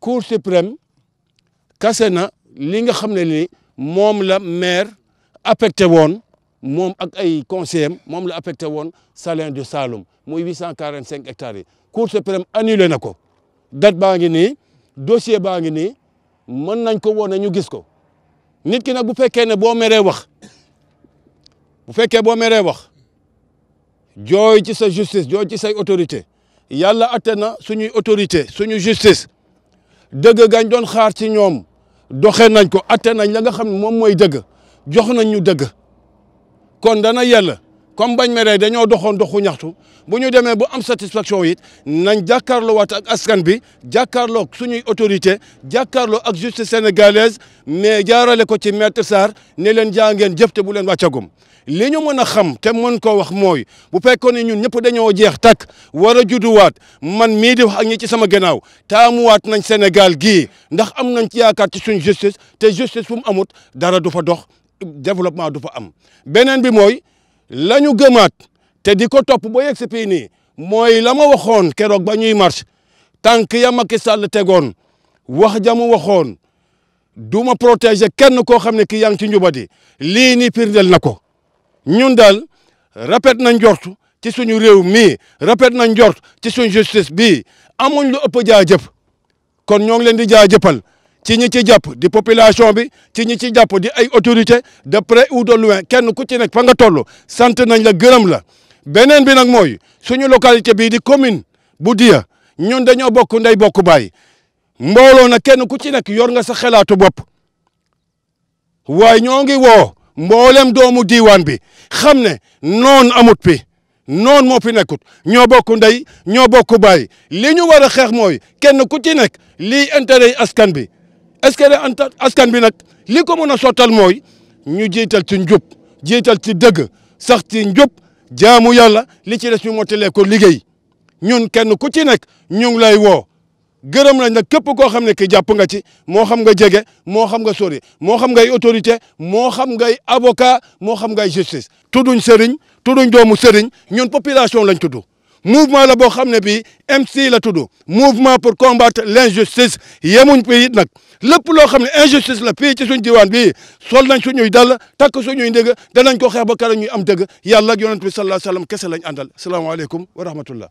cour suprême kase na li nga xam ne ni moom la maire affecté woon moom ak ay conseillers moom la affecté woon Salin du Saloum muy 845 hectares yi cour suprême annulé na ko dat baa ngi nii dossier baa ngi nii mën nañ ko woon ñu gis ko nit ki nag bu fekkee ne boo meree wax bu fekkee boo meree wax jooy ci sa justice jooy ci say autorité yàlla atte na suñuy autorité suñu justice dëgg gañ doon xaar ci ñoom doxe nañ ko atte nañ la nga xam ne moom mooy dëgg jox nañ ñu dëgg kon dana yella comme bañ meree dañoo doxoon doxu ñaxtu bu ñu demee bu am satisfaction it nañ waat ak askan bi jàkkaarloo suñuy autorité jàkkaarloo ak justice sénégalaise mais jaarale ko ci maître Sarr ne leen jaa ngeen jëf bu leen wàccagum li ñu mën a xam te mën koo wax mooy bu fekkoon ne ñun ñëpp dañoo jeex takk war a judduwaat man mii di wax ak ñi ci sama gannaaw taamuwaat nañ Sénégal gii ndax am nañ ci yaakaar ci suñ justice te justice fu mu amut dara du fa dox développement du fa am beneen bi mooy lañu ñu gëmaat te di ko topp ba yegg si fii nii mooy la ma waxoon keroog ba ñuy marche tànk ya Macky Sall tegoon wax ja mu waxoon du ma protéger kenn koo xam ne ki yaa ngi ci njubadi lii nii firndeel na ko ñun daal rafet na njort ci suñu réew mii rafet na njort ci suñu justice bi amuñ lu ëpp jaajëf kon ñoo ngi leen di jaajëfal ci ñi ci jàpp di population bi ci ñi ci jàpp di ay autorité de près ou de kenn ku ci nekk fa nga toll sant nañ la gërëm la beneen bi nag mooy suñu localité bii di commune bu Dya ñun dañoo bokk ndey bokk baay mbooloo na kenn ku ci nekk yor nga sa xalaatu bopp waaye ñoo ngi woo mboolem doomu diiwaan bi xam ne noon amut pi noon moo fi nekkut ñoo bokk ndey ñoo bokk baay li ñu war a xeex mooy kenn ku ci nekk lii intérêt yi askan bi est ce askan bi nag li ko mën a sottal mooy ñu jiital ci njub jiital ci dëgg sax ci njub jaamu yàlla li ci des ñu mottalee ko liggéey ñun kenn ku ci nekk ñu ngi lay woo gërëm nañ nag képp koo xam ne ki jàpp nga ci moo xam nga jege moo xam nga sori moo xam ngay autorité moo xam nga avocat moo xam ngay justice tudduñ sëriñ tudduñ doomu sëriñ ñun population lañ tudd mouvement la boo xam ne bii MC la tudd mouvement pour combattre l' injustice yemuñ pays nag lépp loo xam ne injustice la fii ci suñ diwaan bi sol nañ suñuy dàll takk suñuy ndégg danañ ko xeex ba kara ñuy am dëgg yàlla ak yonent bi sallallahu alayhi kese lañ àndal salaamaaleykum wa rahmatullah